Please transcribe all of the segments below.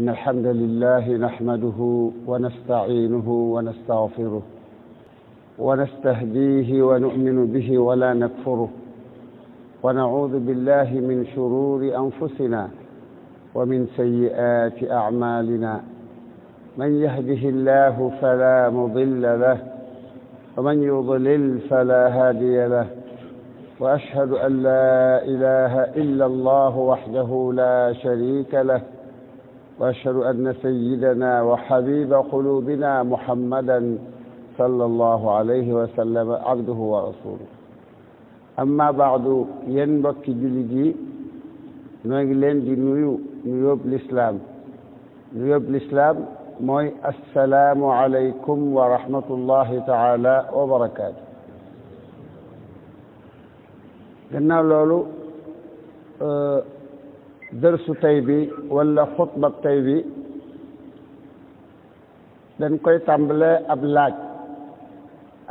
إن الحمد لله نحمده ونستعينه ونستغفره ونستهديه ونؤمن به ولا نكفره ونعوذ بالله من شرور أنفسنا ومن سيئات أعمالنا من يهده الله فلا مضل له ومن يضلل فلا هادي له وأشهد أن لا إله إلا الله وحده لا شريك له واشهد ان سيدنا وحبيب قلوبنا محمدا صلى الله عليه وسلم عبده ورسوله اما بعد ينبك جلدي نغلن دي نيو نيو الاسلام نيو الاسلام موي السلام عليكم ورحمه الله تعالى وبركاته gannaaw loolu dërsu tey bi wala xutba tey bi dañ koy tàmbale ab laaj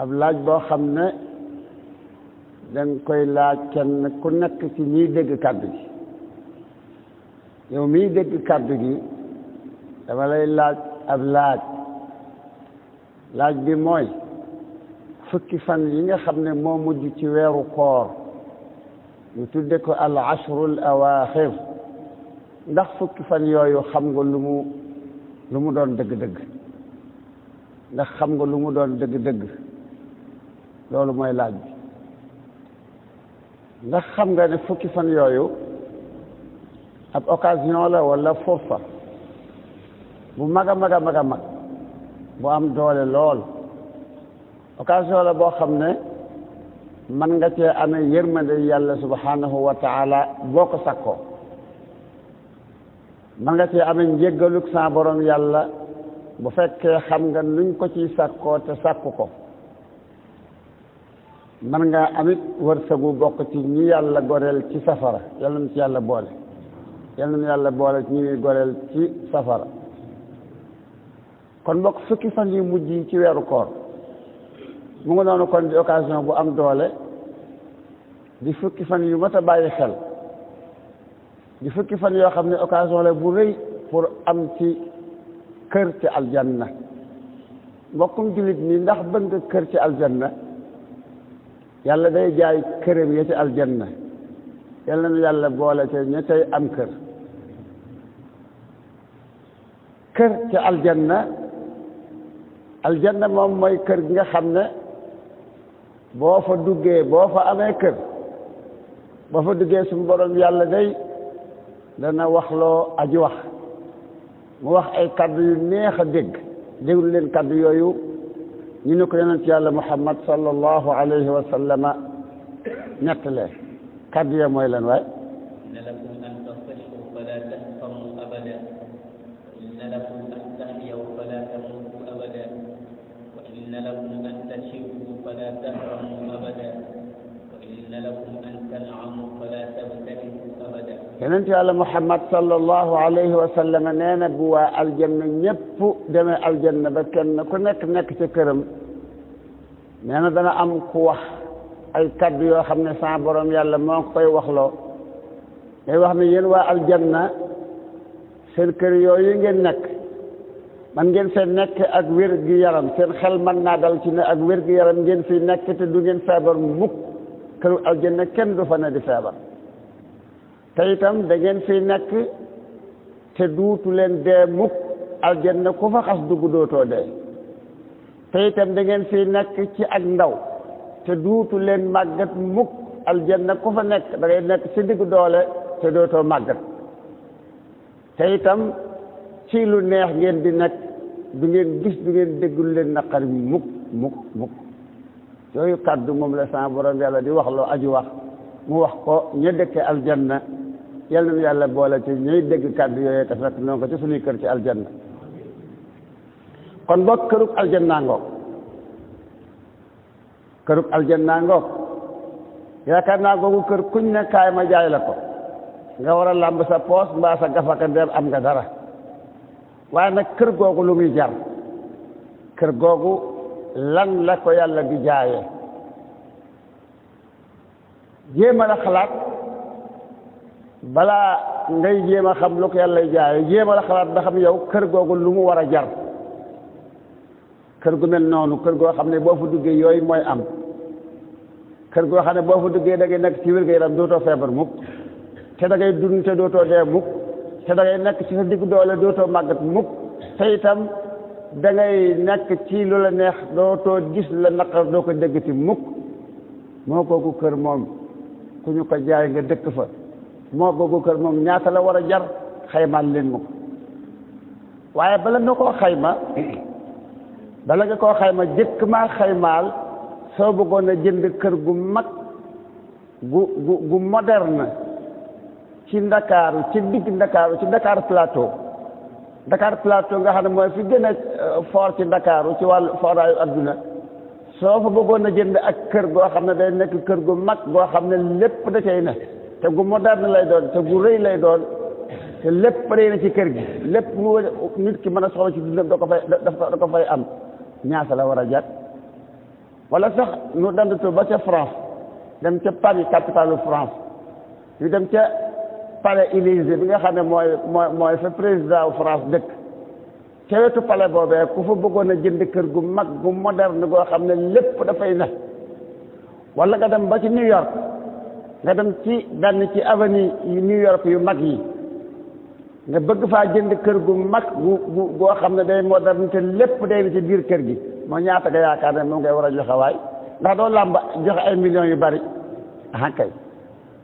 ab laaj boo xam ne dañ koy laaj kenn ku nekk ci ñiy dégg kàddu gi yow miy dégg kàddu gi dama lay laaj ab laaj laaj bi mooy fukki fan yi nga xam ne moo mujj ci weeru koor ñu tudde ko al ashrul awaaxir ndax fukki fan yooyu xam nga lu mu lu mu doon dëgg-dëgg ndax xam nga lu mu doon dëgg-dëgg loolu mooy laaj bi ndax xam nga ni fukki fan yooyu ab occasion la walla fursa bu mag a mag a mag a mag bu am doole lool occasion la boo xam ne man nga cee amee yërmande yàlla subhanahu wa taala boo ko sakkoo man nga cee amee njéggaluk sa borom yàlla bu fekkee xam nga nuñ ko ciy sàkkoo te sàkku ko man nga amit wërsëgu bokk ci ñu yàlla goreel ci safara yal nañu ci yàlla boole yal yàlla boole ci ñi goreel ci safara kon bokk fukki fan yu mujj yi ci weeru koor mu ngi noonu kon di occasion bu am doole di fukki fan yu mat a bàyyi xel di fukki fan yoo xam ne occasion la bu rëy pour am ci kër ci aljanna mbokkum jullit nii ndax bëgg kër ci aljanna yàlla day jaay këram ya ci aljanna yàlla yàlla boole ca ña am kër kër ci aljanna aljanna moom mooy kër gi nga xam ne boo fa duggee boo fa amee kër boo fa duggee suñu borom yàlla day dana waxloo aji wax mu wax ay kaddu yu neex a dégg déglu leen kaddu yooyu ñu ne ko ci yàlla muhammad sallallahu alayhi wa sallama ñett lee kaddu ya mooy lan waay yonent yàlla muhammad sallallahu alayhi wa sallam nee na bu waa aljanna ñépp demee aljanna ba kenn ku nekk nekk ca këram nee na dana am ku wax ay kaddu yoo xam ne sa boroom yàlla moo koy waxloo day wax mi yéen waa aljanna seen kër yooyu ngeen nekk man ngeen fee nekk ak wér gi yaram seen xel man naa dal ci ne ak wér gi yaram ngeen fi nekk te du ngeen feebar mukk këru aljanna kenn du fa ne di feebar te itam da ngeen fi nekk te duutu leen dee mukk aljanna ku fa xas dugg dootoo dee te itam da ngeen fi nekk ci ak ndaw te duutu leen màggat mukk na ku fa nekk da ngay nekk ci diggu doole te dootoo màggat te itam ci lu neex ngeen di nekk du ngeen gis du ngeen déggul leen naqar mukk mukk mukk yooyu kàddu moom la sa borom yàlla di wax loo aju wax mu wax ko ñu dëkke aljanna yal na yàlla boole ci ñuy dégg kàddu yooyu te fekk ci suñuy kër kon boog kërug aljanna ngoog kërug aljanna ngoog yaakaar naa googu kër kuñ ne kaay ma jaay la ko nga war a làmb sa poos mbaa sa gafaka am nga dara waaye nag kër googu lu muy jar kër googu lan la ko yàlla di jaaye jéemal a xalaat balaa ngay jéem a xam lu ko yàlla jaay jéemal a xalaat ba xam yow kër googu lu mu war a jar kër gu mel noonu kër goo xam ne boo fa duggee yooyu mooy am kër goo xam ne boo fa duggee da ngay nekk ci wér-gu-yaram dootoo feebar mukk te da ngay dootoo dee mukk te nekk ci sa diggu doole dootoo màggat mukk te itam dangay ngay nekk ci lu la neex dootoo gis la naqar doo ko dégg ci mukk moo kooku kër moom ku ñu ko jaay nga dëkk fa moo bëggu kër moom ñaata la war a jar xaymaal leen ma ko waaye bala nga koo xayma bala nga koo xayma jëkk maa xaymaal soo bëggoon a jënd kër gu mag gu gu gu moderne ci ndakaaru ci digg ndakaaru ci Dakar Plateau Dakar Plateau nga xam ne mooy fi gën a euh, foor ci ndakaaru ci wàll fooraayu àdduna soo fa bëggoon na jënd ak kër goo xam ne day nekk kër gu mag goo xam ne lépp da cay ne te gu moderne lay doon te gu rëy lay doon te lépp rëy na ci kër gi lépp mu nit ki mën a soxla ci dundam da ko fay da ko fay am ñaata la war a jàpp wala sax ñu dandatu ba ca France dem ca Paris capitalu France ñu dem ca Palais Élysée bi nga xam ne mooy mooy mooy fa président France dëkk ca wetu pale boobee ku fa bëggoon a jënd kër gu mag gu moderne goo xam ne lépp dafay ne wala nga dem ba ci New York nga dem ci benn ci avenue yu New York yu mag yi nga bëgg faa jënd kër gu mag gu goo xam ne day moderne te lépp day ne ci biir kër gi moo ñaata nga yaakaar ne moom ngay war a joxe waay ndax doo làmb joxe ay millions yu bari ah kay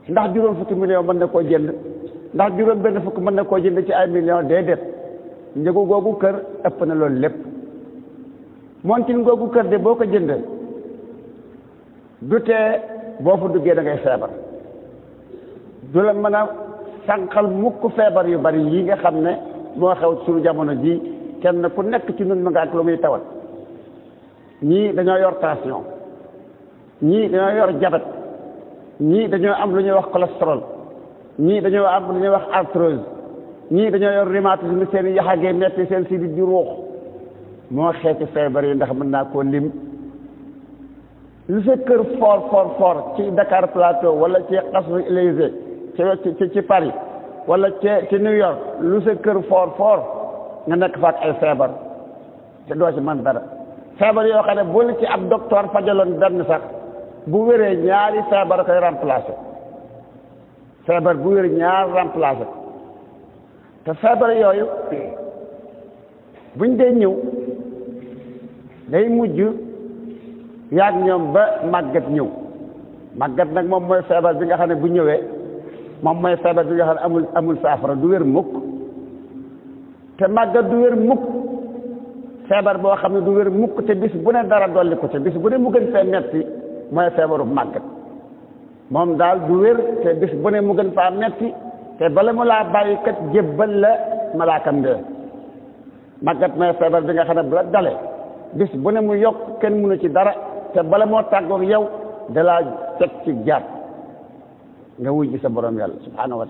ndax juróom fukki million mën na koo jënd ndax juróom benn fukk mën na koo jënd ci ay millions déedéet njëgu googu kër ëpp na loolu lépp montin googu kër de boo ko jënd du tee boo fa duggee da ngay feebar du la mën a sànqal mukk feebar yu bari yi nga xam ne moo xew suñu jamono ji kenn ku nekk ci nun mu nga ak lu muy tawat ñii dañoo yor tension ñii dañoo yor jabet ñii dañoo am lu ñuy wax cholestérol ñii dañoo am lu ñuy wax arthrose ñii dañoo yor rhumatisme seen i yaxagee metti seen sidit di ruux moo xeeti feebar yi ndax mën naa koo lim lu sa kër fort fort ci Dakar Plateau wala ci xasru Élysée ci ci Paris wala ci ci New York lu sa kër fort fort nga nekk fa ak ay feebar te doo ci man dara feebar yoo xam ne bu ci ab docteur fajaloon benn sax bu wéree ñaari feebar koy remplacé feebar bu wéree ñaar remplacé te feebar yooyu buñ dee ñëw day mujj yaag ñoom ba màggat ñëw màggat nag moom mooy feebar bi nga xam ne bu ñëwee moom mooy feebar bi nga xam ne amul amul saafara du wér mukk te màggat du wér mukk feebar boo xam ne du wér mukk te bis bu ne dara dolli ko te bis bu ne mu gën fee metti mooy feebaru màggat moom daal du te bis bu ne mu faa metti te bala mu laa bàyyi kat jébbal la malaakam de màggat may feebar bi nga xam ne bu la dale bis bu ne mu yokk kenn mënu ci dara te bala moo tàggoog yow dalaa teg ci jàpp nga wuy sa borom yàlla subhanahu wa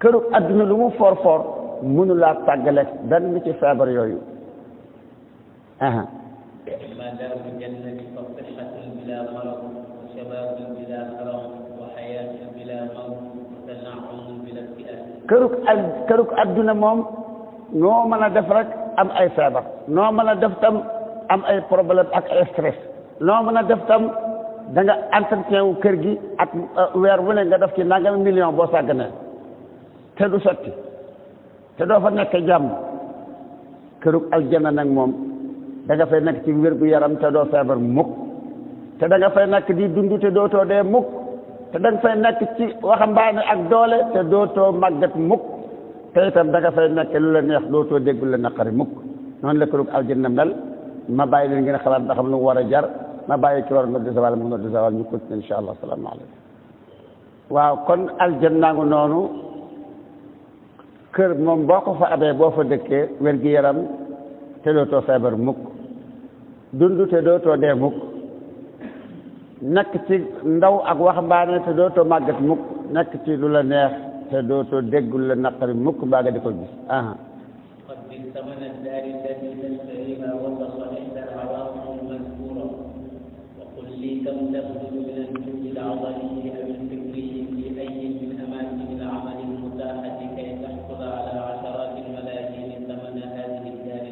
këru adduna lu mu foor foor mënu laa tàggale benn ci feebar yooyu këruk ak këruk adduna moom noo mën a def rek am ay feebar noo mën a def tam am ay problème ak ay stress noo mën a def tam da nga wu kër gi ak euh, weer wu ne nga def ci nangam million boo sàgganee te du sotti te doo fa nekk jàmm këruk aljana nag moom da fay nekk ci wér gu yaram te doo feebar mukk te da fay nekk di dund te dootoo dee mukk te da nga fay nekk ci waxambaane ak doole te dootoo màggat mukk te itam da nga fay nekk lu la neex dootoo dégg lu la naqari mukk noonu la kërug aljanna mel ma bàyyi leen ngeen xalaat xam lu mu war a jar ma bàyyi ki war a noddu sawal mu noddu sawal ñu continuer insha allah salaamaaleykum waaw kon aljanna noonu kër moom boo ko fa abee boo fa dëkkee wér-gi-yaram te dootoo feebar mukk dund te dootoo dee mukk nekk ci ndaw ak waxambaane te dootoo màgget mukk nekk ci lu la neex te dootoo déggul la naqari mukk baa nga di ko gis aha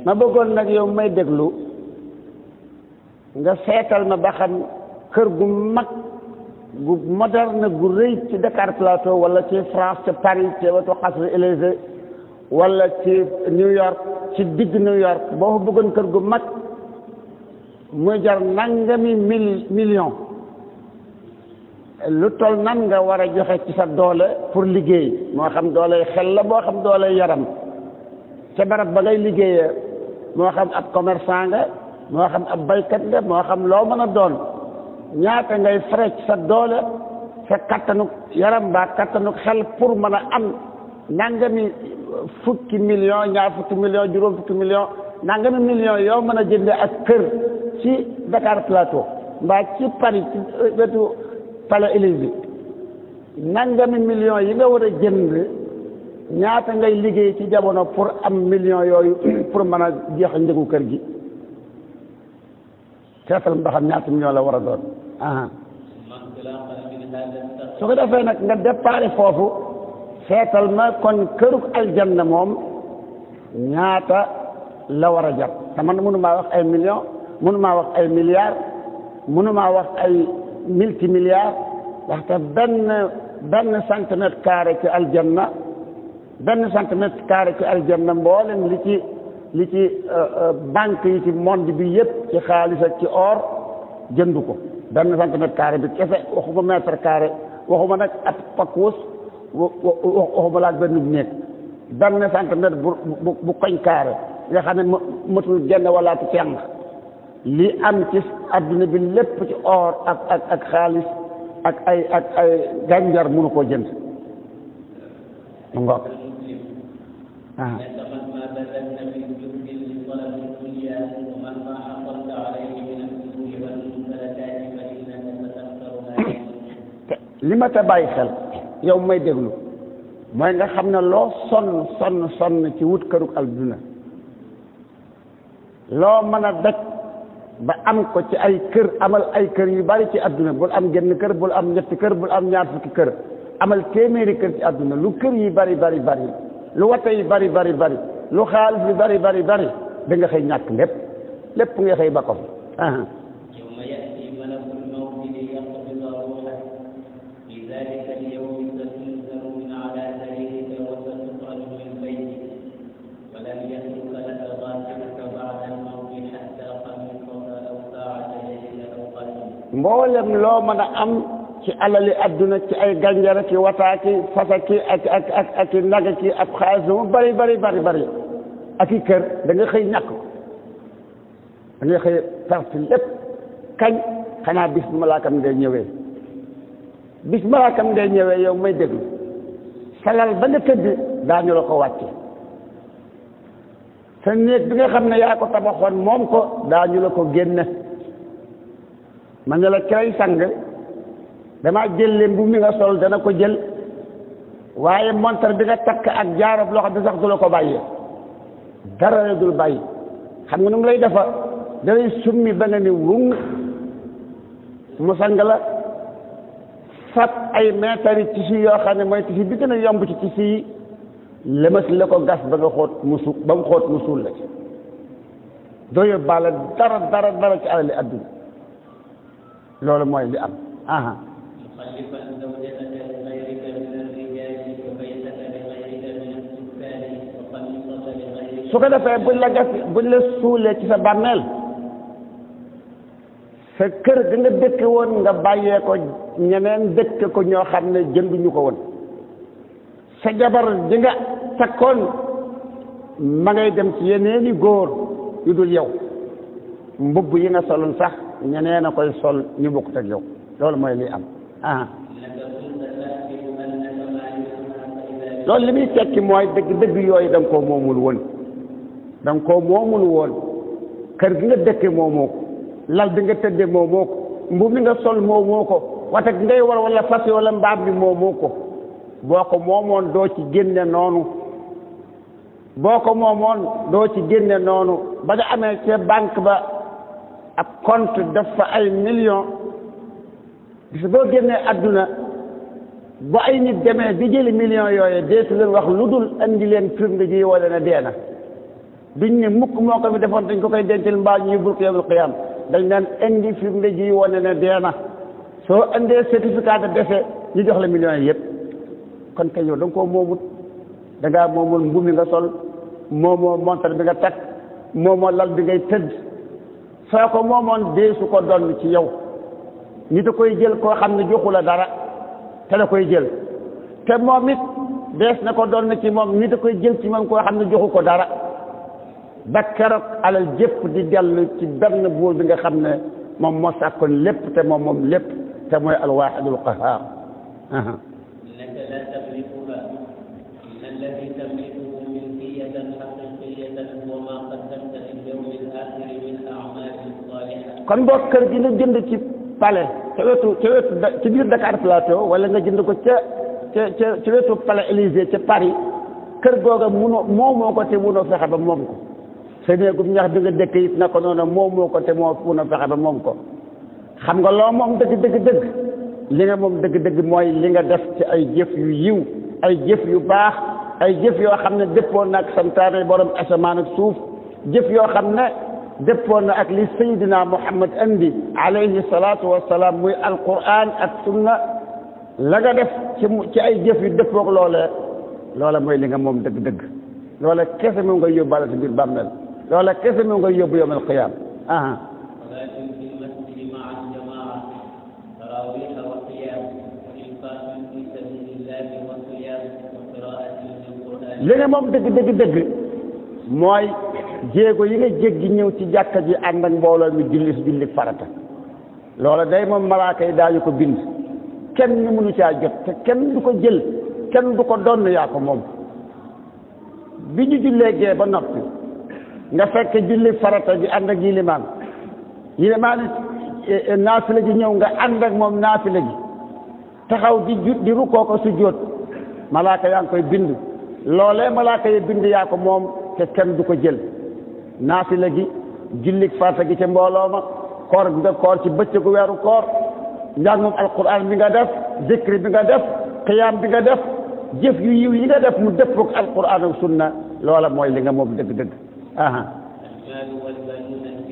ma bëggoon nag yow may déglu nga seetal ma ba xam kër gu mag gu moderne gu rëy ci Dakar Plateau wala ci France ci Paris ci ci New York ci digg New York boo fa bëggoon kër gu mag muy jar nangami mil million lu toll nan nga war a joxe ci sa doole pour liggéey moo xam doole xel la boo xam doole yaram ca barab ba ngay liggéeyee moo xam ab commerçant nga moo xam ab baykat nga moo xam loo mën a doon ñaata ngay frais sa doole sa kattanu yaram ba kattanu xel pour mën a am nangami fukki million ñaar fukki million juróom fukki million nangami million yow mën a jënd ak kër ci Dakar Plateau mbaa ci Paris ci euh, wetu Palais Élysée nangami million yi nga war a jënd ñaata ngay liggéey ci jamono pour am million yooyu pour mën a jeex njëgu kër gi seetal mba xam ñaata million la war a doon aha su ko defee nag nga déparé foofu seetal ma kon kërug aljanna moom ñaata la war a jàpp te man mënumaa wax ay millions mënumaa wax ay milliards mënumaa wax ay multi milliards ndaxte benn benn centimètre carré ci aljanna benn centimètre carré ci aljanna mboolem li ci li ci banque yi ci monde bi yëpp ci xaalis ak ci or jënd ko benn centimètre carré bi kese waxuma mètre carré waxuma nag at pakkuus waxuma laaj benn néeg benn centimètre bu bu bu koñ carré nga xam ne matul genn walaatu ceng li am ci adduna bi lépp ci or ak ak ak xaalis ak ay ak ay gànjar mënu koo jënd li ma ta bàyyi xel yow may déglu mooy nga xam ne loo sonn sonn sonn ci wut kërug adduna loo mën a daj ba am ko ci ay kër amal ay kër yu bari ci adduna bul am genn kër bul am ñetti kër bul am ñaar fukki kër amal téeméeri kër ci adduna lu kër yi bari bari bari lu wata yi bari bari bari lu xaalis bi bari bari bari da nga xëy ñàkk lépp lépp nga xëy ba ko fi mboolem loo mën a am ci alali adduna ci ay ganjara ci wataa ki fasa ki ak ak ak ak i naga ki mu bari bari bari bari ak i kër da nga xëy ñàkk da xëy perte lépp kañ xanaa bis malaakam ngay ñëwee bis malaakam ngay ñëwee yow may déglu salal ba nga tëdd daañu la ko wàcce sa néeg bi nga xam ne yaa ko tabaxoon moom ko daañu la ko génne man na la kilay sang damaa jël leen bu mi nga sol dana ko jël waaye montar bi nga takk ak jaaro loo xam bi sax du la ko bàyyi dara la bàyyi xam nga nu mu lay defa dalay summi ba nga ne wung mu sang la sab ay meetari tissu yoo xam ne mooy tissu bi gën a yomb ci tissu yi lëmas la ko gas ba nga xóot mu su ba mu xoot mu suul la ci doo yóbbaale dara dara dara ci alali adduna loolu mooy bi am aha su ko defee buñ la gas buñ la suulee ci sa bàmmeel sa kër ga nga dëkk woon nga bàyyee ko ñeneen dëkk ko ñoo xam ne jënduñu ko woon sa jabar ji nga takkoon ma ngay dem ci yeneeni góor yu dul yow mbubb yi nga soloon sax ñeneen a koy sol ñu bokkut ak yow loolu mooy li am ah loolu li muy tekki mooy dëgg dëgg yooyu da koo moomul woon da nga koo moomul woon kër gi nga dëkke moomoo ko lal bi nga tëdde moomoo ko mi nga sol moomoo ko wata gi ngay war wala fas mbaam bi moomoo boo ko moomoon doo ci génne noonu boo ko moomoon doo ci génne noonu ba nga amee ca banque ba ab compte def fa ay million bis boo génnee àdduna bu ay nit demee di jëli millions yooyu deetu leen wax lu dul indi leen firnde ji wala na dee na duñ ne mukk moo ko mi defoon dañ ko koy dencal mbaa ñuy bul ko yawmal dañ naan indi firnde ji wane na dee na soo indee certificat de décès ñu jox la millions yi yëpp kon kay yow da nga koo moomut da ngaa moomul nga sol moomoo montar bi nga takk moomoo lal bi ngay tëdd soo ko moomoon dee su ko donn ci yow nit a koy jël koo xam ne joxu la dara te da koy jël te moom it dees na ko donn ci moom nit a koy jël ci moom koo xam ne joxu ko dara ba keroog alal jëpp di dellu ci benn buur bi nga xam ne moom moo sàkkoon lépp te moom moom lépp te mooy alwaaxidul qahaar kon boo kër gi nga jënd ci palais ca wetu ca wetu ci biir Dakar Plateau wala nga jënd ko ca ca ca ci wetu palais Élysée ca Paris kër googa munoo moomoo ko te munoo fexe ba moom ko ñax bi dëkk na ko noonu moomoo ko te moo munoo fexe ba moom ko xam nga loo moom dëgg dëgg dëgg li nga moom dëgg dëgg mooy li nga def ci ay jëf yu yiw ay jëf yu baax ay jëf yoo xam ne dëppoo naag santaane borom asamaan ak suuf jëf yoo xam ne dëppoon na ak li saydina muhammad andi alayhi salaatu wasalaam muy alquran ak sunna la nga ci ay jëf yu dëppoog loola mooy li nga moom dëgg-dëgg loola kese moom nga yóbbaale si biir bàmmeel loola kese moom nga yóbbu yawmal qiyaam aha li nga moom dëgg dëgg dëgg jéego yi nga jéggi ñëw ci jàkka ji ànd ak mbooloo mi julli julli farata loola day moom malaaka yi daañu ko bind kenn mënu caa jot te kenn du ko jël kenn du ko donn yaa ko moom bi ñu jullee gee ba noppi nga fekk julli farata ji ànd ak yilimaan yilimaan eh, eh, naafila ji ñëw nga ànd ak moom naafila ji taxaw di ju di rukkoo ko su malaaka yaa ngi koy bind loolee malaaka yi bind yaa ko moom te kenn du ko jël naafila gi jullik farta gi ca mbooloo ma koor bi nga koor ci bëccëgu weeru koor njàngum alquran bi nga def zikri bi nga def qiyaam bi nga def jëf yu yiw yi nga def mu dëppook alquran ak sunna loola mooy li nga moom dëgg-dëgg aha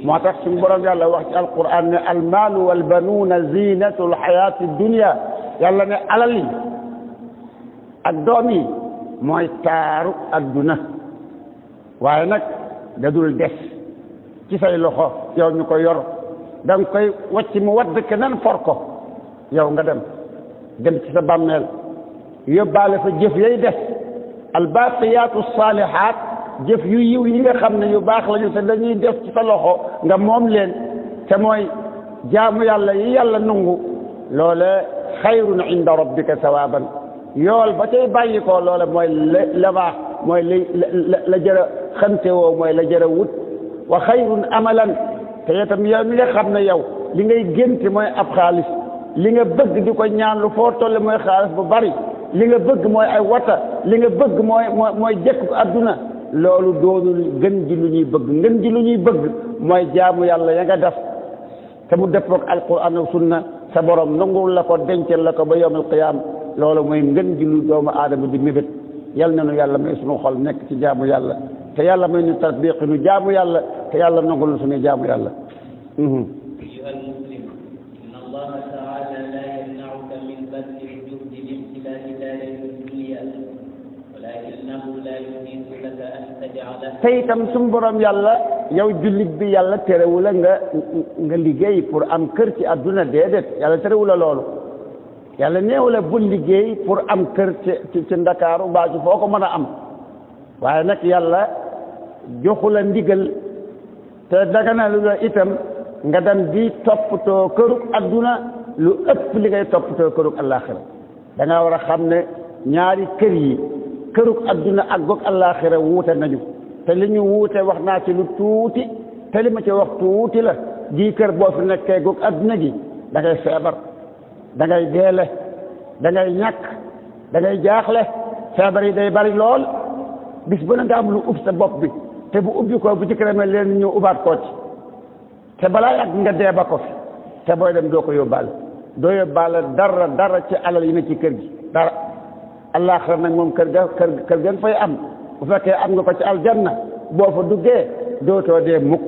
moo tax suñu borom yàlla wax ci alquran ne almaalu walbanuuna zinatu alxayaati dunia yàlla ne alal yi ak doom yi mooy taaru adduna waaye nag da dul des ci say loxo yow ñu ko yor dang koy wacc mu wadd nan for ko yow nga dem dem ci sa bammel yobale fa jëf yey def al baqiyatu salihat jëf yu yiw yi nga xamne yu bax lañu te dañuy def ci sa loxo nga mom leen te moy jaamu yàlla yi yàlla nungu lolé xayrun inda rabbika sawaban yol ba tay bayiko lolé moy la bax mooy la la jëra xante woo mooy la jëra wut wa xayrun amalan te itam yow mi nga xam ne yow li ngay génte mooy ab xaalis li nga bëgg di ko ñaanlu foo tolle mooy xaalis bu bari li nga bëgg mooy ay wata li nga bëgg mooy mooy mooy jekk bu adduna loolu doonul gën ji lu ñuy bëgg ngën ji lu ñuy bëgg mooy jaamu yàlla ya nga def te mu dëppoog alquran ak sunna sa borom nangul la ko dencal la ko ba yowmal qiyaam loolu mooy ngën ji lu doomu aadama di mébét yal nañu yàlla may suñu xol nekk ci jaamu yàlla te yàlla may ñu tasbiq ñu jaamu yàlla te yàlla nangul ñu suñu jaamu yàlla te itam suñu borom yàlla yow jullit bi yàlla terewula nga nga liggéey pour am kër ci àdduna déedéet yàlla terewula loolu yàlla néew la bul liggéey pour am kër ci ci ndakaaru mbaa ci foo ko mën a am waaye nag yàlla joxu la ndigal te daganalu la itam nga dem gi toppatoo kërug adduna lu ëpp li ngay toppatoo kërug àllaaxira da nga war a xam ne ñaari kër yi kërug adduna ak goog àllaaxira wuute nañu te li ñu wuute wax naa ci lu tuuti te li ma ci wax tuuti la di kër boo fi nekkee goog adduna gi da ngay da ngay deele da ngay ñàkk da jaaxle feebar yi day bari lool bis bu ne nga am lu ub sa bopp bi te bu ubbi ko bu ci kremé leen ñëw ubaat koo ci te balaa yàgg nga dee ko fi te booy dem doo ko yóbbaale doo yóbbaale dara dara ci alal yi ne ci kër gi dara àllaaxira nag moom kër ga kër kër gën fay am bu fekkee am nga ko ci aljanna boo fa duggee dootoo dee mukk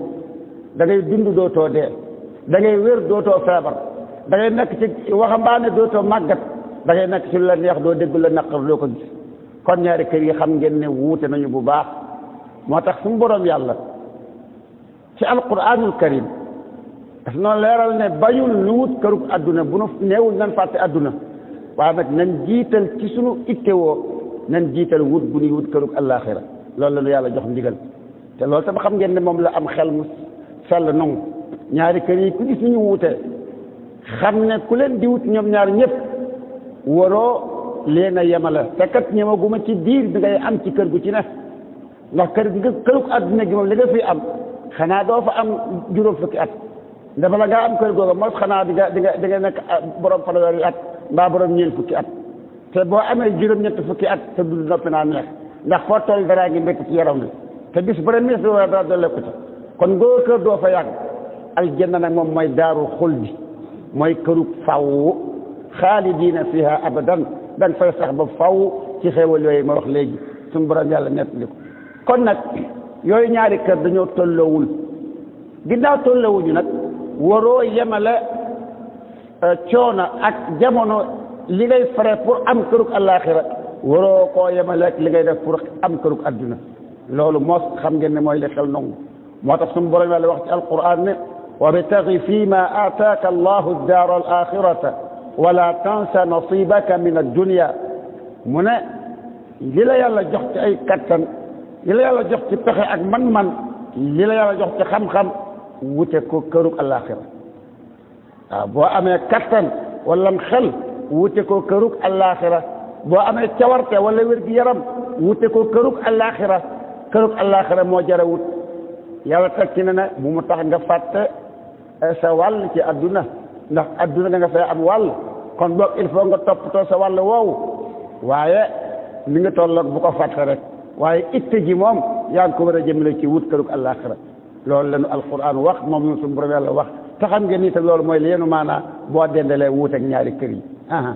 da ngay dund dootoo dee dangay ngay wér dootoo feebar da ngay nekk ci waxambaane dootoo màggat da ngay nekk ci lu la neex doo dégg la naqar doo ko gis kon ñaari kër yi xam ngeen ne wuute nañu bu baax moo tax suñu boroom yàlla ci alquranul karim daf noonu leeral ne bañul nu wut kërug adduna bu nu neewul nan fàtte adduna waaye nag nan jiital ci sunu ittewoo nan jiital wut bu nuy wut kërug allaaxira loolu la nu yàlla jox ndigal te loolu tam xam ngeen ne moom la am xel mu sell nangu ñaari kër yi ku gis ni ñu wuute xam ne ku leen di wut ñoom ñaar ñëpp waroo leen a yemale te kat ñemaguma ci diir bi ngay am ci kër gu ci ne ndax kër gi nga kërug àdduna gi moom li nga fi am xanaa doo fa am juróom fukki at ndax bala ngaa am kër googa mos xanaa di nga di nga di nga nekk borom fanweeri at mbaa borom ñeen fukki at te boo amee juróom-ñett fukki at te dund noppi naa neex ndax foo toll daraa ngi mbékk ci yaram bi te bis bu remis dara dolleeku ci kon ngoo kër doo fa yàgg aljanna nag moom mooy daaru xul bi mooy kërug faw xaalidina fiha abadan dañ fay sax ba faw ci xéewal yooyu ma wax léegi suñu borom yàlla nettali ko kon nag yooyu ñaari kër dañoo tollowul ginnaaw tollowuñu nag waroo yemale euh, coono ak jamono li ngay fare pour am kërug àllaaxira waroo koo yemale li ngay def pour am kërug adduna loolu moos xam ngeen ne mooy li xel moo tax suñu borom yàlla wax ci وابتغ فيما آتاك الله الدار الآخرة ولا تنس نصيبك من الدنيا منا يلا يلا جحت أي كتن يلا يلا جحت بخي أك من من يلا يلا جحت خم خم وتكو كروك الآخرة أبو آه، أمي كتن ولا مخل وتكو كروك الآخرة بو أمي تورت ولا ورد يرم وتكو كروك الآخرة كروك الآخرة موجرة يلا تكيننا بمتحن فاتة Eh, sa wàll ci àdduna ndax adduna da nga am wàll kon boog il faut nga toppatoo sa wàll woowu waaye li nga tolloog bu ko fàtte rek waaye itte ji moom yaa ngi ko war a jëmale ci wut kërug àllaaxira loolu la nu alquran wax moom la suñu borom yàlla wax te xam ngeen ni te loolu mooy li yenu maanaa boo dendalee wuut ak ñaari kër yi aha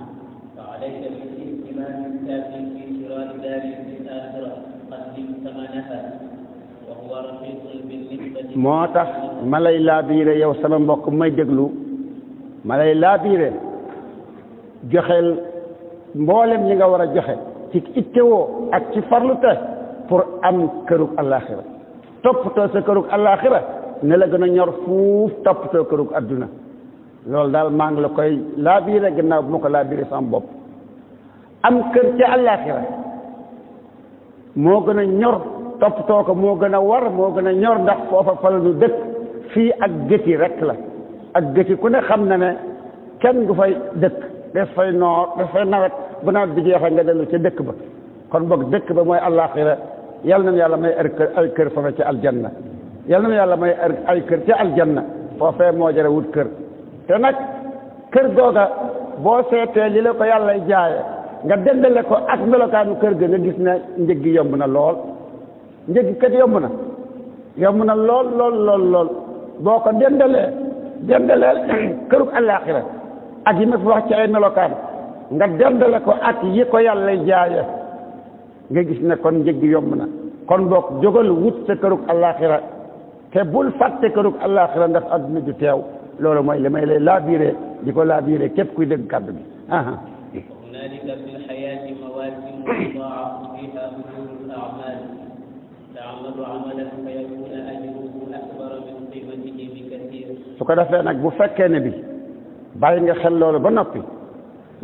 moo tax ma lay laabiire yow sama mbokk may déglu ma lay laabiire joxeel mboolem ñi nga war a joxe ci ittewoo ak ci farlute pour am kërug àllaaxira toppatoo sa kërug àllaaxira ne la gën a ñor fuuf toppatoo kërug adduna loolu daal maa ngi la koy laabiire gannaaw bu ma ko laabiire sama bopp am kër ci àllaaxira moo gën a ñor toppatoo ko moo gën a war moo gën a ñor ndax foofa fala dëkk fii ak gëti rek la ak gëti ku ne xam na ne kenn du fay dëkk des fay noor des fay nawet bu nawet bi jeexee nga dellu ca dëkk ba kon boog dëkk ba mooy àllaaxira yal nañu yàlla may ay kër foofe ci aljanna yal nañu yàlla may ay kër ci aljanna moo jare wut kër te nag kër googa boo seetee li la ko yàlla jaaye nga dendale ko ak melokaanu kër ga nga gis ne njëg gi yomb na lool njëg gi yomb na yomb na lool lool lool boo ko dendalee dendaleel kërug àllaaxira ak yi ma fi wax ci ay melokaan nga dendale ko ak yi ko yàlla jaaya nga gis ne kon njëg gi yomb na kon boog jógal wut sa kërug àllaaxira te bul fàtte kërug àllaaxira ndax adduna ju teew loolu mooy li may lay laabiire di ko laa laabiire képp kuy dégg kàddu bi aha hunalika fi lxayaati mawaasim yudaafu fiha ujuru l amal taamalu amalan fa su ko defee nag bu fekkee ne bi bàyyi nga xel loolu ba noppi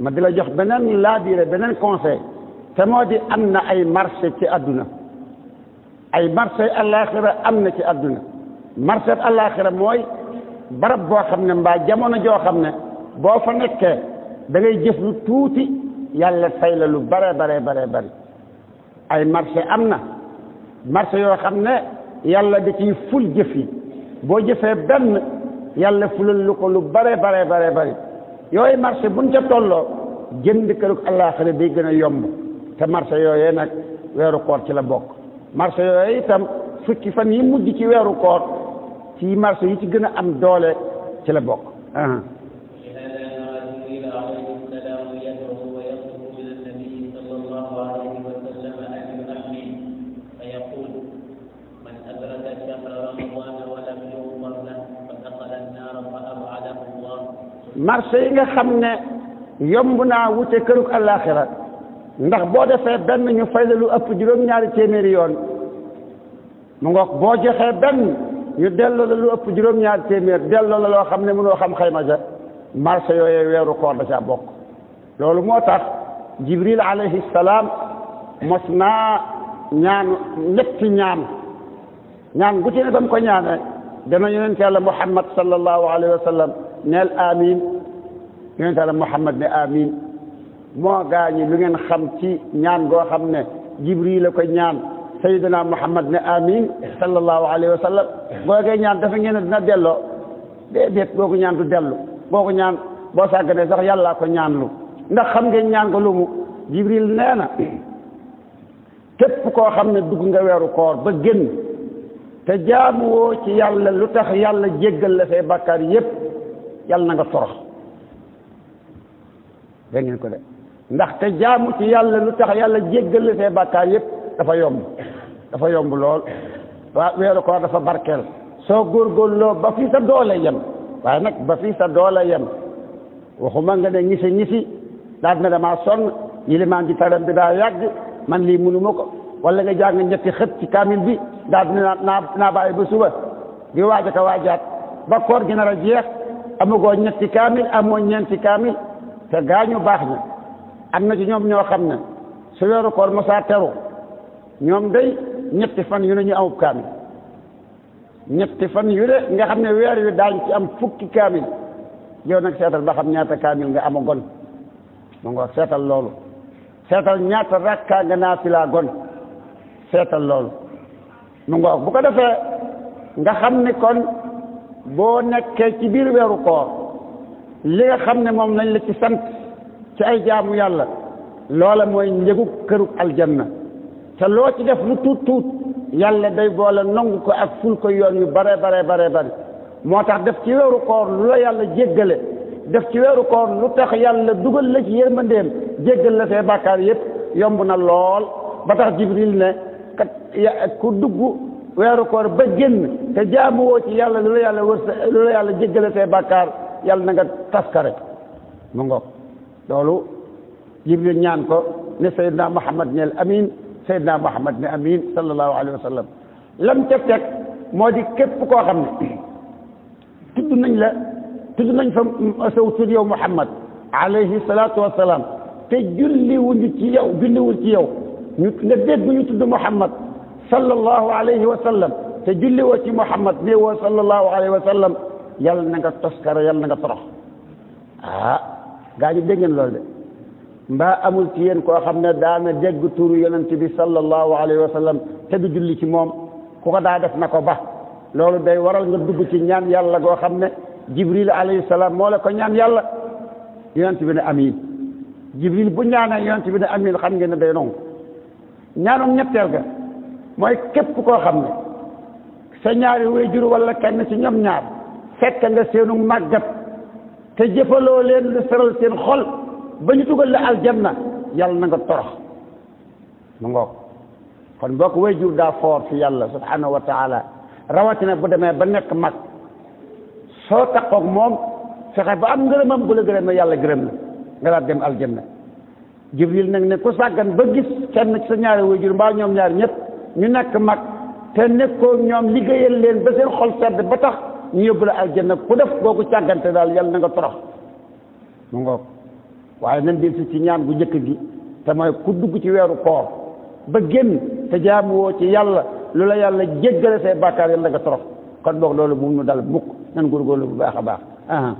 ma di la jox beneen laabire beneen conseil te moo di am na ay marché ci àdduna ay marché àllaaxira am na ci àdduna marché àllaaxira mooy barab boo xam ne mbaa jamono joo xam ne boo fa nekkee dangay jëf lu tuuti yàlla fay la lu bare bare bare bari ay marché am na marché yoo xam ne yàlla da ciy ful jëf yi boo jëfee benn yàlla fulal lu ko lu bare bare bare bari yooyu marché buñ ca tolloo jënd kërug àllaaxira day gën a yomb te marché yooyee nag weeru koor ci la bokk marché yooyu itam fukki fan yi mujj ci weeru koor ci marché yi ci gën a am doole ci la bokk marché yi nga xam ne yomb naa wute kërug àllaaxira ndax boo defee benn ñu fay la lu ëpp juróom-ñaari téeméeri yoon mu ngoog boo joxee benn ñu delloo la lu ëpp juróom-ñaari téeméer delloo la loo xam ne mënoo xam xayma ja marché yooyu weeru koor da caa bokk loolu moo tax jibril alayhi salaam mos naa ñaan ñetti ñaan ñaan gu ci ne dam ko ñaane dana yonent yàlla muhammad sallallahu alayhi wa sallam neel amin yonent Yàlla Muhammad ne amin lu ngeen xam ci ñaan goo xam ne Jibril la ko ñaan sayyidina Muhammad ne amin sallallahu alayhi wa sallam boo ñaan dafa ngeen dina delloo déedéet boo ko ñaan du dellu boo ko ñaan boo sàgganee sax yàllaa ko ñaan lu ndax xam ngeen ñaan ko lu mu Jibril nee na képp koo xam ne dugg nga weeru koor ba génn te jaamuwoo ci yàlla lu tax yàlla jéggal la say bàkkaar yépp yàlla na nga torox dégg ngeen ko de ndaxte jaamu ci yàlla lu tax yàlla jéggal la say bàkkaar yépp dafa yomb dafa yomb lool waa weeru koor dafa barkeel soo góorgóorloo ba fii sa doole yem waaye nag ba fii sa doole yem waxuma nga ne ñisi ñisi daal na damaa sonn yilimaan ji taram bi daa yàgg man lii mënuma ko wala nga jàng ñetti xët ci kaamil bi daal dina naa naa bàyyi ba suba di waaj a ko waajaat ba koor gi nar a jeex amagoo ñetti kaamil amoo ñeenti kaamil te ñu baax na am na ci ñoom ñoo xam ne su weeru koor mosaa teru ñoom day ñetti fan yu ne ñu amub kaamil ñetti fan yu ne nga xam ne weer yu daañ ci am fukki kaamil yow nag seetal ba xam ñaata kaamil nga ama gon mu ngoog seetal loolu seetal ñaata rakkaa nga naa filaa gon seetal loolu mu ngoog bu ko defee nga xam ni kon boo nekkee ci biir weeru koor li nga xam ne moom lañ la ci sant ci ay jaamu yàlla loola mooy njëgu kërug aljanna te loo ci def lu tuut tuut yàlla day boole nangu ko ak ful ko yoon yu bare bare bare bare moo tax def ci weeru koor lu la yàlla jéggale def ci weeru koor lu tax yàlla dugal la ci yërmandeem jéggal la see bàkkaar yépp yomb na lool ba tax jibril ne ku dugg weeru koor ba génn te jaamu woo ci yàlla lu la yàlla wër lu la yàlla jéggale see bàkkaar yàlla na nga tas ka rek mu ngoog loolu jibril ñaan ko ne sayyidna muhammad ne amin sayyidna muhammad ne amin sallallahu alayhi wa sallam lam ca teg moo di képp koo xam ne tudd nañ la tudd nañ fa saw tur yow muhammad alayhi salaatu wa salaam te julliwuñu ci yow julliwul ci yow ñu nga dégg ñu tudd muhammad sallallahu alayhi wa sallam te julliwoo ci muhammad nee woo sallallahu alayhi wa sallam yàlla na nga toskara yàlla na nga torox ah gaa ñu dégg loolu de mbaa amul ci yéen koo xam ne daana dégg turu yonent bi sallallahu alayhi wa sallam te du julli ci moom ku ko daa def na ko ba loolu day waral nga dugg ci ñaan yàlla goo xam ne jibril alayhi salaam moo la ko ñaan yàlla yonent bi ne amin jibril bu ñaanee yonent bi ne amin xam ngeen ne day nongu ñaanum ñetteel ga mooy képp koo xam ne sa ñaari waajur wala kenn ci ñoom ñaar fekk nga seenu màggat te jëfaloo leen lu seral seen xol ba ñu dugal la aljanna yàlla na nga torox mu ngoog kon boo ko way jur daa foor fi yàlla subhanahu wa taala rawatina bu demee ba nekk mag soo taqoog moom fexe ba am ngërëmam bu la gërëmee yàlla gërëm la nga daal dem aljanna jibril nag ne ku sàggan ba gis kenn ci sa ñaari way mbaa ñoom ñaar ñëpp ñu nekk mag te nekkoon ñoom liggéeyal leen ba seen xol sedd ba tax ñu yóbbu la aljanna ku def kooku càggante daal yàlla na nga torox mu ngoog waaye nañ del si ci ñaan gu njëkk gi te mooy ku dugg ci weeru koor ba génn te jaamu ci yàlla lu la yàlla jéggale say bàkkaar yàlla na nga torox kon boog loolu mu ñu dal mukk nan góorgóorlu bu baax a baax aa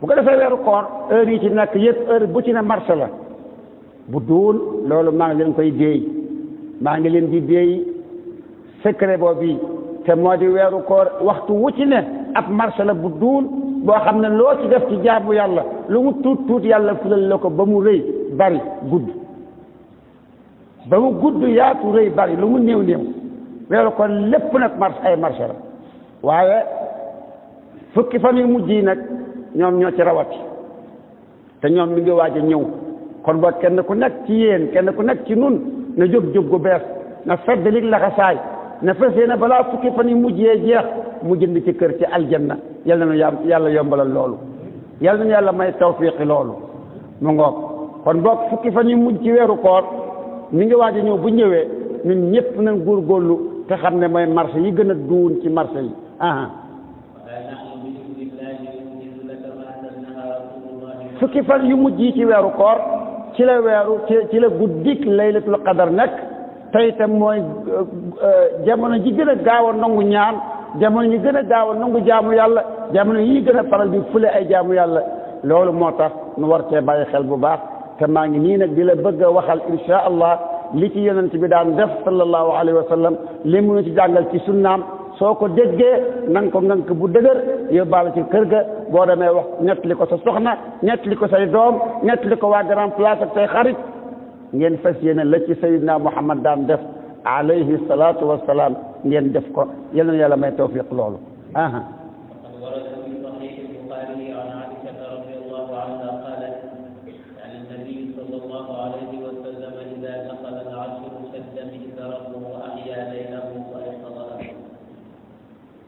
bu ko defee weeru koor heure yi ci nekk yëpp heure bu ci ne marché la bu duul loolu maa ngi leen koy déey maa ngi leen di déey secret boo bi te moo di weeru koor waxtu wu ci ne ab marché la bu duul boo xam ne loo ci def ci jaamu yàlla lu mu tuut tuut yàlla fulal la ko ba mu rëy bari gudd ba mu gudd yaatu rëy bari lu mu néew néew weeru ko lépp nag marché ay marché la waaye fukki fan yu mujj yi nag ñoom ñoo ci rawati te ñoom li ngi waaj a ñëw kon boog kenn ku nekk ci yéen kenn ku nekk ci nun na jóg-jóg gu bees na fedd lig laxasaay na fas yéene balaa fukki fan yi mujjee jeex mu jënd ci kër ci aljanna yàlla na nu yàlla yombalal loolu yàlla na yàlla may tawfiqi loolu mu ngoog kon boog fukki fan yi mujj ci weeru koor mi ngi waaj a ñëw bu ñëwee ñun na nañ góorlu te xam ne mooy marché yi gën a duun ci marché yi fukki fan yu mujj yi ci weeru koor ci la weeru ci ci la guddik laylatul qadar nekk te itam mooy jamono ji gën a gaaw a nangu ñaan jamono yi gën a gaaw a nangu jaamu yàlla jamono yi gën a faral di fule ay jaamu yàlla loolu moo tax nu war cee bàyyi xel bu baax te maa ngi nii nag di la bëgg a waxal insha allah li ci yonent bi daan def sallallahu alayhi wa sallam li mu ci jàngal ci sunnaam soo ko déggee na nga bu dëgër yóbbaale ci kër ga boo demee wax nettali ko sa soxna nettali ko say doom nettali ko waa grand place ak say xarit ngeen fas yéene la ci sayidna muhammad daan def alayhi salaatu wassalaam ngeen def ko yal na yàlla may tawfiq loolu aha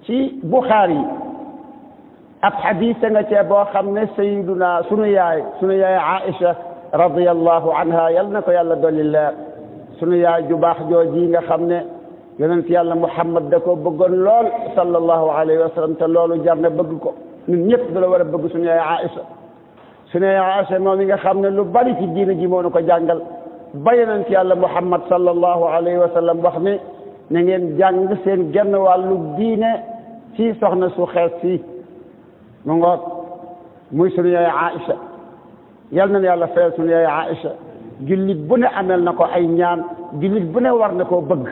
ci bukhari ak hadith nga ci bo xamne sayyiduna sunu yaay sunu yaay aisha radiyallahu anha yalna ko yàlla dolil la sunu yaay ju bax joji nga xamne yenen yonent yàlla muhammad dako beggon lol sallallahu alayhi wa sallam te lolou jarne bëgg ko nit ñëpp da la wara bëgg sunu yaay aisha sunu yaay aisha mo nga xamne lu bari ci diina ji mo ko jàngal ba yonent yàlla muhammad sallallahu alayhi wa sallam wax ni na ngeen jàng seen genn walu diine ci soxna su xees si mu ngoog muy sunu yaay Aïcha yal na yàlla fayal sunu yaay Aïcha jullit bu ne amel na ko ay ñaan jullit bu ne war na koo bëgg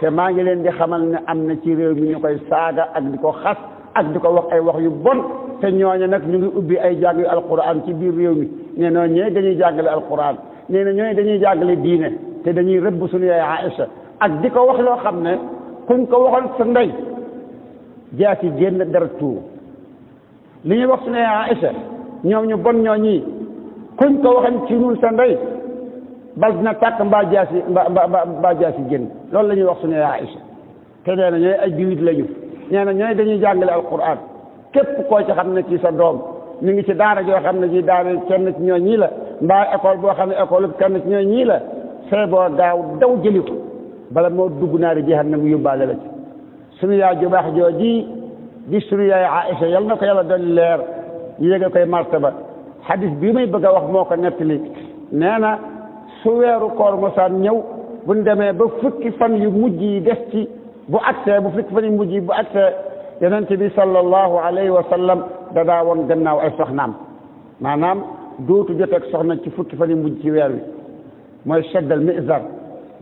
te maa ngi leen di xamal ne am na ci réew mi ñu koy saaga ak di ko xas ak di ko wax ay wax yu bon te ñooñu nag ñu ngi ubbi ay jàng yu alquran ci biir réew mi nee na ñooy dañuy jàngale alquran nee na ñooy dañuy jàngale diine te dañuy rëbb suñu yaay Aïcha ak di ko wax loo xam ne kuñ ko waxoon sa jaasi génn dara tuur li ñuy wax su ne ñoom ñu bon ñoo ñii kuñ ko waxan ci ñun sa ndey bal dina tàkk mbaa jaasi mbaa jaasi génn loolu la ñuy wax su ne Aïcha te nee na ñooy ay jiwit lañu nee na ñooy dañuy jàngale alquran képp koo ci xam ne ci sa doom ñu ngi ci daara joo xam ne ji daara kenn ci ñoo ñii la mbaa école boo xam ne école kenn ci ñoo ñii la feeboo daaw daw jëli ko bala moo dugg naari jahannam yóbbaale la ci سمي يا جباح جودي دي يا عائشة يلنا في يلا دلير يلقى في مرتبة حديث بيمي بقى وقت موقع نتلي نانا سوير كور مسار نيو بندما بفك فن يمجي دستي بو أكسى بفك فن يمجي بو أكسى ينتبي صلى الله عليه وسلم دادا وان جنة وإسرخ نام ما نام دوت جتك سخنا تفك فن يمجي ويروي ما يشد المئزر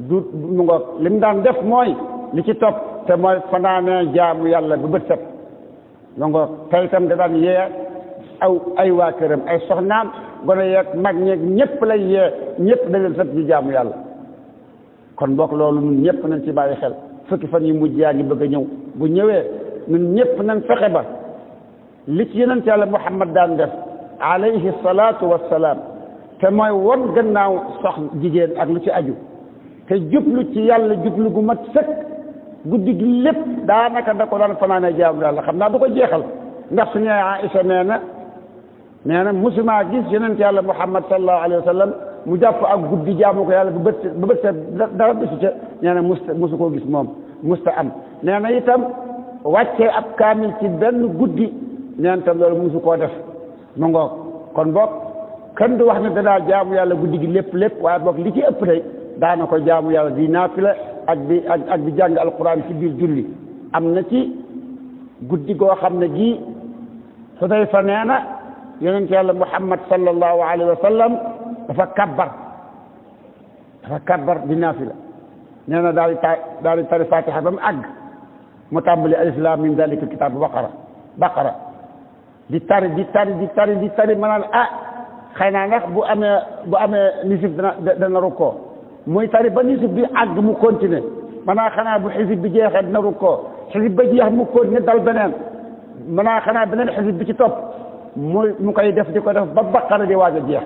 دوت نغا لم دف موي لكي توب te mooy fanaanee jaamu yàlla bu bët set donc tey itam da daan yee aw ay waa këram ay soxnaam gone yeeg mag ñeeg ñëpp lay yee ñëpp da leen set ñu jaamu yàlla kon boog loolu ñun ñëpp nañ ci bàyyi xel fukki fan yi mujj yaa ngi bëgg a ñëw bu ñëwee ñun ñëpp nañ fexe ba li ci yonent yàlla Muhammad daan def alayhi salaatu wassalaam te mooy won gannaaw sox jigéen ak lu ci aju te jublu ci yàlla jublu gu mat sëkk guddi gi lépp daanaka da ko daan fanaane jaamu yàlla xam naa du ko jeexal ndax suñu Aïcha nee na nee na musuma gis yonent yàlla Muhammad sallallahu alayhi wa sallam mu jàpp ak guddi jaamu ko yàlla bu bët bu bët dara bisu ca nee na musta musu koo gis moom musta am nee na itam wàccee ab kaamil ci benn guddi nee na itam musu koo def mu ngoog kon boog kenn du wax ne danaa jaamu yàlla guddi gi lépp lépp waaye boog li ci ëpp day daana ko jaamu yàlla di naafila ak bi ak ak jàng alquran ci bir julli amna ci guddi go xamne ne gii fa neena yenen ci yàlla Muhammad sallallahu alaihi wasallam fa kabbar fa kabbar bi nafila neena dal daal di ta daal tari fatiha bam ag mu tàmbali alif laam mim dalika kitab baqara baqara di tari di tari di tari di tari ma a ah nga bu amé bu amé nisif dana dana rukkoo moy tari ba nisib bi ag mu continuer mana xana bu xisib bi jeexee dina ko xisib ba jeex mu continuer dal benen mana xana benen xisib bi ci top moy mu koy def diko def ba baqara di waja jeex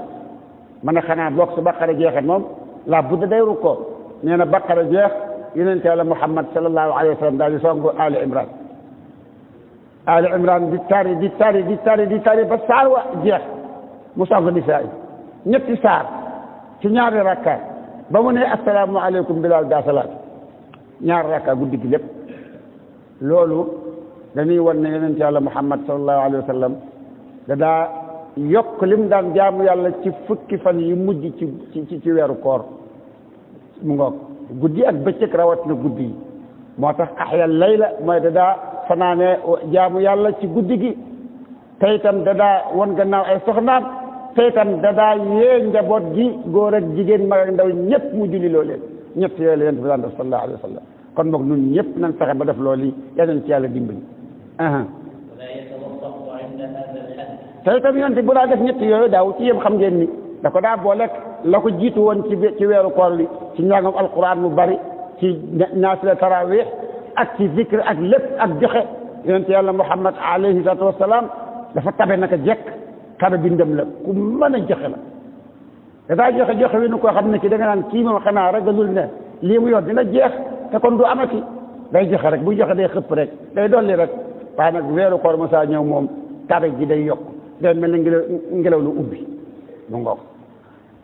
mana xana bok su baqara jeexee mom la budda day rukkoo ko na baqara jeex yenen yàlla muhammad sallallahu alayhi wasallam dal daal di songu ali imran al imran di tari di tari di tari di tari ba saar wa jeex musa songu nisaa yi ñetti sar ci ñaari rakkat ba mu ne assalaamu aleykum bilaal daa salaat ñaar rakka guddi gi lépp loolu dañuy wan ne yonent yàlla muhammad sallallahu alayhi wa sallam da daa yokk lim daan jaamu yàlla ci fukki fan yi mujj ci ci weeru koor mu ngoog guddi ak bëccëg rawat na guddi yi moo tax axya layla mooy da daa fanaane jaamu yàlla ci guddi gi te itam da daa wan gannaaw ay soxnaam te itam da daa yee njaboot gi góor ak jigéen mag ak ndaw ñëpp mu julli loo leen ñëpp yooyu la yonent bi daan def sallallahu alayhi wa sallam kon boog ñun ñëpp nañ fexe ba def loolu yi yal nañ ci yàlla dimbali te itam yonent bu daa def ñett yooyu daaw ci yem xam ngeen ni da ko daa boole la ko jiitu woon ci ci weeru koor li ci njàngam alquran mu bari ci naafila tarawih ak ci zikr ak lépp ak joxe yonent yàlla muhammad alayhi salaatu wasalaam dafa tabe naka jekk xana bindam la ku mën a joxe la dafaa joxe joxe wi nu koo xam ne ki da nga naan kii moom xanaa ragalul ne lii mu yor dina jeex te kon du amati day joxe rek bu joxe day xëpp rek day dolli rek waaye nag weeru koor ma saa ñëw moom tabe ji day yokk day mel ne ngelaw ngelaw lu ubbi mu ngoog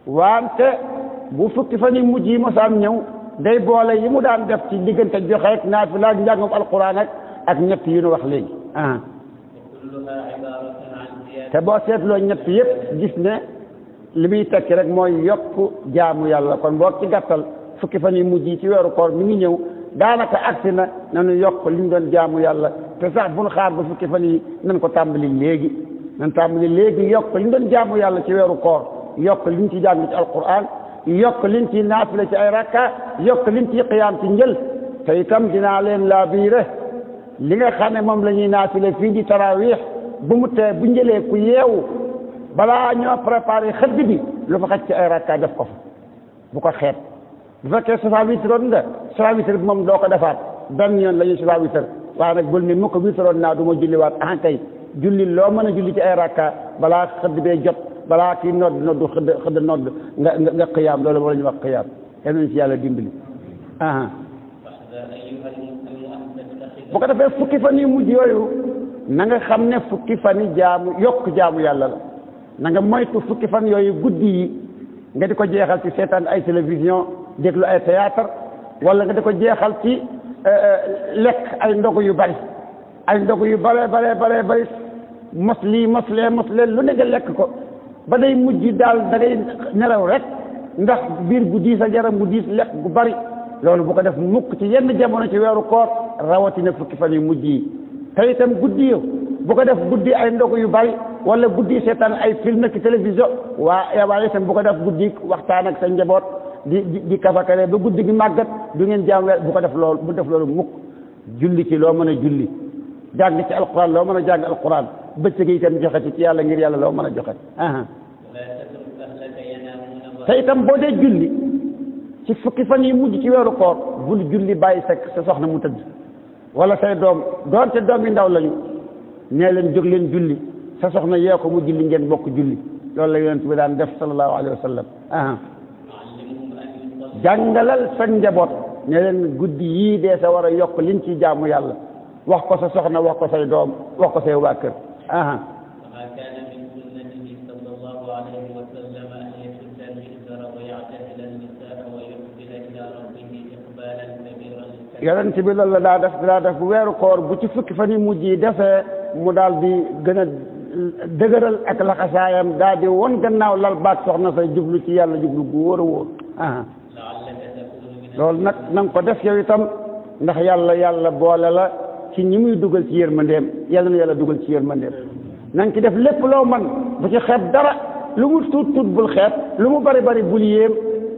wante bu fukki fan yi mujj yi ma saa ñëw day boole yi mu daan def ci diggante joxe ak naafila ak njàngum alquran ak ak ñett yu nu wax léegi. te boo seetloo ñett yépp gis ne li muy tekki rek mooy yokk jaamu yàlla kon boo ci gàttal fukki fan yu mujj ci weeru koor mi ngi ñëw daanaka agsi na nanu yokk li ñu doon jaamu yàlla te sax bu nu xaar ba fukki fan yi nan ko tàmbali léegi nan tàmbali léegi yokk li doon jaamu yàlla ci weeru koor yokk liñ ci jàng ci alquran yokk liñ ci naafila ci ay rakka yokk liñ ci qiyaam ci njël te itam dinaa leen laa biire li nga xam moom la naafila fii di tarawiix bu mu tee bu njëlee ku yeewu balaa ñoo préparé xëdd bi lu fa xaj ci ay rakka def ko fa bu ko xeet bu fekkee safa witron nga safa witr bi moom doo ko defaat benn yoon la ñuy safa witr waaye nag bul ne mu ko witroon naa du ma julliwaat ah kay julli loo mën a julli ci ay rakka balaa xëdd bee jot balaa kii nodd nodd xëdd xëdd nodd nga nga xiyaam loolu moo la ñuy wax xiyaam yal nañu ci yàlla dimbali bu ko defee fukki fan yu mujj yooyu na nga xam ne fukki fani jaamu yokk jaamu yàlla la na nga moytu fukki fan yooyu guddi yi nga di ko jeexal ci seetaan ay télévision déglu ay théâtre wala nga di ko jeexal ci lekk ay ndogu yu bari ay ndogu yu bare bare bare bari mos lii mos lee mos lee lu ne nga lekk ko ba day mujj daal da ngay nelaw rek ndax biir bu diis ak yaram bu diis lekk gu bari loolu bu ko def mukk ci yenn jamono ci weeru koor rawatina fukki fan yu mujj yi te itam guddi yow bu ko def guddi ay ndog yu bari wala guddi seetaan ay film ak télévision waa waaye itam bu ko def guddi waxtaan ak sa njaboot di di di kafakale ba guddi gi màggat du ngeen jaam weer bu ko def loolu bu def loolu mukk julli ci loo mën a julli jàng ci alquran loo mën a jàng alquran bëccëg itam joxe ci yàlla ngir yàlla loo mën a joxe te itam boo dee julli ci fukki fan yi mujj ci weeru koor bul julli bàyyi sa soxna mu tëdd wala say doom doonte doom yi ndaw lañu nee leen jóg leen julli sa soxna yee ko mu julli ngeen bokk julli loolu la yonent bi daan def sallallahu alayhi wa sallam aha jàngalal sa njaboot ne leen guddi yii dee sa war a yokk liñ ci jaamu yàlla wax ko sa soxna wax ko say doom wax ko say waa kër yonent bi loolu la daa def daa def bu weeru koor bu ci fukki fa yu mu yi defee mu daal di gën a dëgëral ak laxasaayam daal di won gannaaw lal baat soxna say jublu ci yàlla jublu bu wóor a wóor ah loolu nag na ko def yow itam ndax yàlla yàlla boole la ci ñi muy dugal ci yërmandeem yàlla na yàlla dugal ci yërmandeem na nga def lépp loo man bu ci xeeb dara lu mu tuut tuut bul xeeb lu mu bari bari bul yéem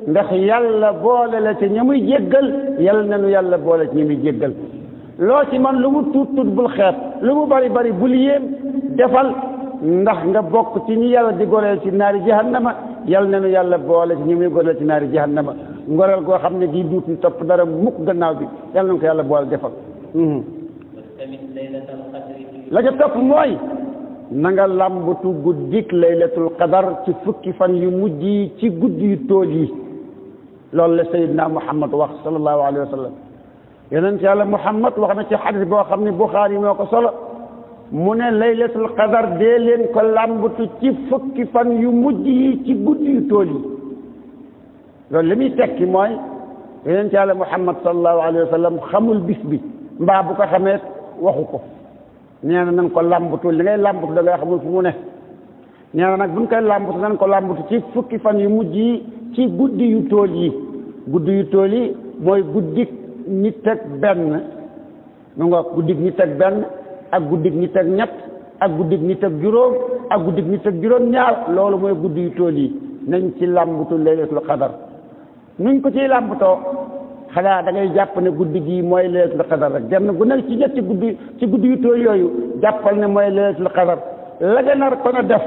ndax yàlla boole la ci ña muy jéggal yàlla nañu yàlla boole ci ña muy jéggal loo ci man lu mu tuut tuut bul xeet lu mu bari bari bul yéem defal ndax nga bokk ci ñi yàlla di goreel ci naari jahannama yàlla nañu yàlla boole ci ñi muy goreel ci naari jahannama ngoreel goo xam ne di duut ni topp dara mukk gannaaw bi yàlla nañu ko yàlla boole defal la ca topp mooy na nga làmbatu guddik laylatul qadar ci fukki fan yu mujj ci guddi yu tool yi لول سيدنا محمد وخ صلى الله عليه وسلم يلان تي الله محمد وخنا تي حديث بو خامني بخاري مكو صلى من ليلة القدر دي لين كو لامبوت تي فك فان يو مودي تي بودي تولي لول لمي تكي موي يلان تي محمد صلى الله عليه وسلم خمول بيس بي مبا بو كو خاميت واخوكو نينا نان كو لامبوت لي غاي لامبوت دا غاي خمول فمو نه نينا نك بون كاي لامبوت نان كو لامبوت تي فك فان يو مودي ci guddi yu tool guddi yu tool yi mooy guddik nit ak benn mu guddi guddik nit ak benn ak guddik nit ak ñett ak guddik nit ak juróom ak guddik nit ak juróom ñaar loolu mooy guddi yu tool yi nañ ci làmbatu laylatul xadar nuñ ko ciy làmbatoo xanaa da ngay jàpp ne guddi gii mooy laylatul xadar rek genn gu nekk ci ñetti guddi ci guddi yu tool yooyu jàppal ne mooy lu xadar la nga nar ko na def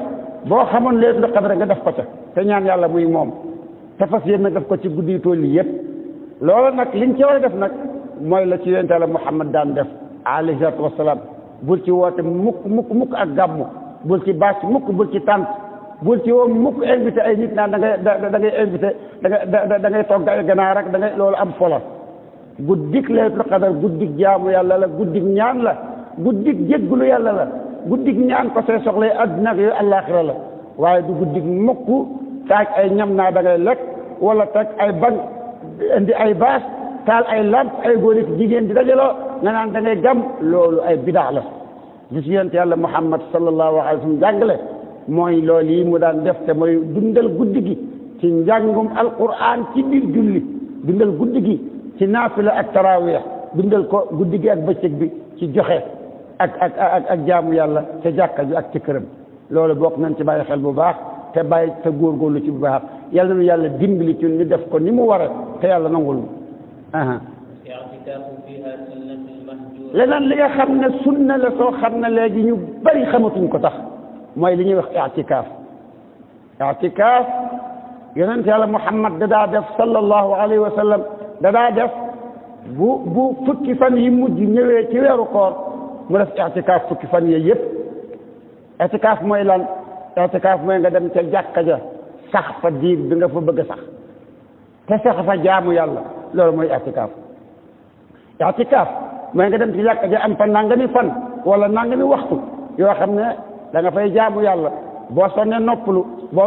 boo xamoon laylatul xadar nga def ko ca te ñaan yàlla muy moom te fas yéene def ko ci guddi tool yi yëpp loolu nag liñ ci war a def nag mooy la ci yonent Yàlla Muhammad daan def alayhi salaatu wasalaam bul ci woote muk mukk mukk ak gàmmu bul ci bâche mukk bul ci tànt bul ci woo mukk invité ay nit naan da ngay da ngay invité da ngay da ngay togg ay ganaar rek da ngay loolu am folo guddik laytul qadar guddik jaamu yàlla la guddik ñaan la guddik jéggulu yàlla la guddik ñaan ko say soxlay àdduna ak yooyu la waaye du guddik mukk taaj ay ñam naa da lekk wala taaj ay ban indi ay baas taal ay lamp ay góor jigéen di dajaloo nga naan da ngay gam loolu ay bidaa la gis yonent yàlla muhammad sallallahu alayhi wa jàngale mooy loolu yi mu daan def mooy dundal guddi gi ci njàngum alquran ci biir julli dundal guddi gi naafila ak tarawih dundal ko guddi gi ak bëccëg bi ci joxe ak jaamu yàlla ca jàkka ji ak ci këram loolu bokk nañ ci bàyyi xel bu baax te bàyyi te góorgóorlu ci bu baax yàlla na yàlla dimbali ci ñu def ko ni mu war a te yàlla nangul aha leneen li nga xam ne sunna la soo xam ne léegi ñu bari xamatuñ ko sax mooy li ñuy wax i'tikaaf i'tikaaf yonent yàlla muhammad da daa def sallallahu alayhi wa sallam da daa def bu bu fukki fan yi mujj ñëwee ci weeru koor mu def i'tikaaf fukki fan yooyu yëpp i'tikaaf mooy lan i'tikaaf moy nga dem ca jakka ja sax fa diir bi nga fa bëgg sax te sax fa jaamu yalla lool moy i'tikaaf i'tikaaf moy nga dem ci jakka ja am fa nangami fan wala nangami waxtu yo xamne da nga fay jaamu bo sonne sonnee bo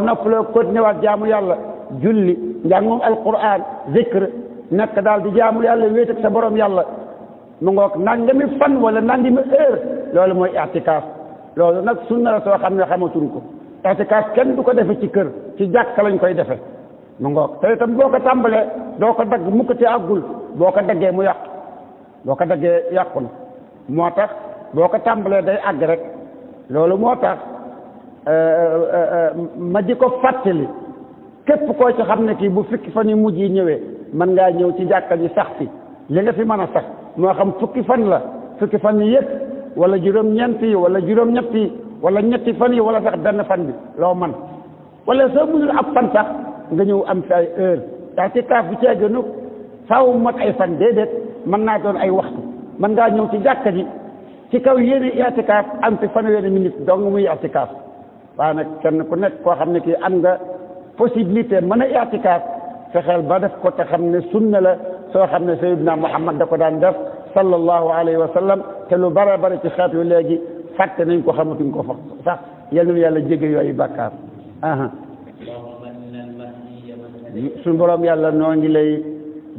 boo ko ni wat jaamu yalla julli jangum alquran zikr nak dal di jaamu yalla wetak sa borom yalla mu ngok nangami fan wala nangami heure loolu moy i'tikaaf loolu nak sunna la soo xam xamatuñ ko itikaaf kenn du ko defe ci kër ci jàkka lañu koy defe mu ngoog te itam boo ko tàmbalee doo ko dagg mukk te àggul boo ko daggee mu yàqu boo ko daggee yàqu na moo tax boo ko tàmbalee day àgg rek loolu moo tax euh, euh, euh, ma di ko fàttali képp koo ci xam ne kii bu fukki fan yi mujj yi ñëwee mën ngaa ñëw ci jàkka yi sax fi li nga fi mën a sax moo xam fukki fan la fukki fan yi yëpp wala juróom-ñeent yi wala juróom-ñett yi wala ñetti fan yi wala sax benn fan bi loo man wala soo mënul ab fan sax nga ñëw am fi ay heure ndax ci kaaf bu ceegonu faaw mat ay fan déedéet man naa doon ay waxtu mën ngaa ñëw ci jàkka ji ci kaw yéene itikaaf am ci fanweeri minute dong muy itikaaf waaye nag kenn ku nekk koo xam ne kii am nga possibilité mën a itikaaf fexeel ba def ko te xam ne sunna la soo xam ne sayyidina Muhammad da ko daan def sallallahu alayhi wa sallam te lu bare bare ci xeet yu léegi fàtte nañ ko xamatuñ ko fa sax yal na yàlla jégge yooyu bàkkaar aha suñ borom yàlla noo ngi lay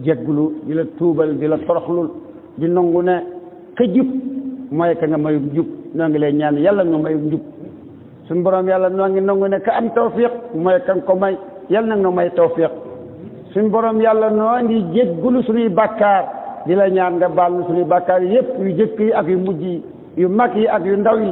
jégglu di la tuubal di la toroxlul di nangu ne ka jub mooy ka nga mayum jub noo ngi lay ñaan yàlla nga mayum jub suñ borom yàlla noo ngi nangu ne ka am tawfiq mooy ka nga ko may yàlla nga may tawfiq suñ noo ngi jégglu suñuy bàkkaar di la ñaan nga baal suñuy bàkkaar yépp yu jëkk yi ak yu mujj yi yu mag yi ak yu ndaw yi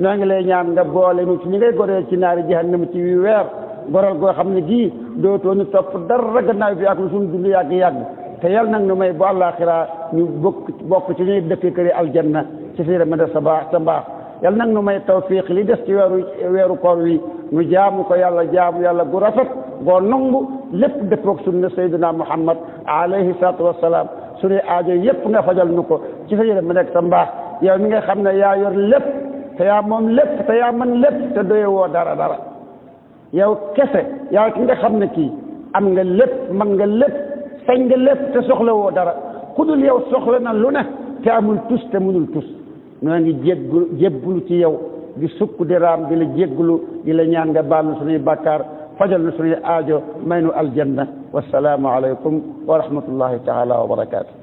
ngi lay ñaan nga boole nu ci ñi ngay goreel ci naari jahannam ci wi weer goreel goo xam ne gii dootoo ñu topp dara gannaaw bi ak lu suñu dund yàgg yàgg te yal nag nu may bu àllaaxira ñu bokk bokk ci ñuy dëkk këri aljanna ci fi ramada sa baax sa mbaax yal nag nu may tawfiq li des ci weeru weeru koor wi nu jaamu ko yàlla jaamu yàlla gu rafet goo nangu lépp dëppoog sunna sayyidina muhammad alayhi salaatu wassalaam suñu aajo yëpp nga fajal nu ko ci fi yow mi nga xam ne yaa yor lépp te yaa moom lépp te yaa man lépp te doye woo dara dara yow kese yaa ki nga xam ne kii am nga lépp mën nga lépp sañ nga lépp te soxla woo dara ku dul yow soxla na lu ne te amul tus te munul tus noo ngi jéggul jébbulu ci yow di sukk di raam di la jéggulu di la ñaan nga baal na sunuy bàkkaar fajal na sunuy aajo may nu aljanna wasalaamu alaykum wa rahmatullahi taala wa barakaatu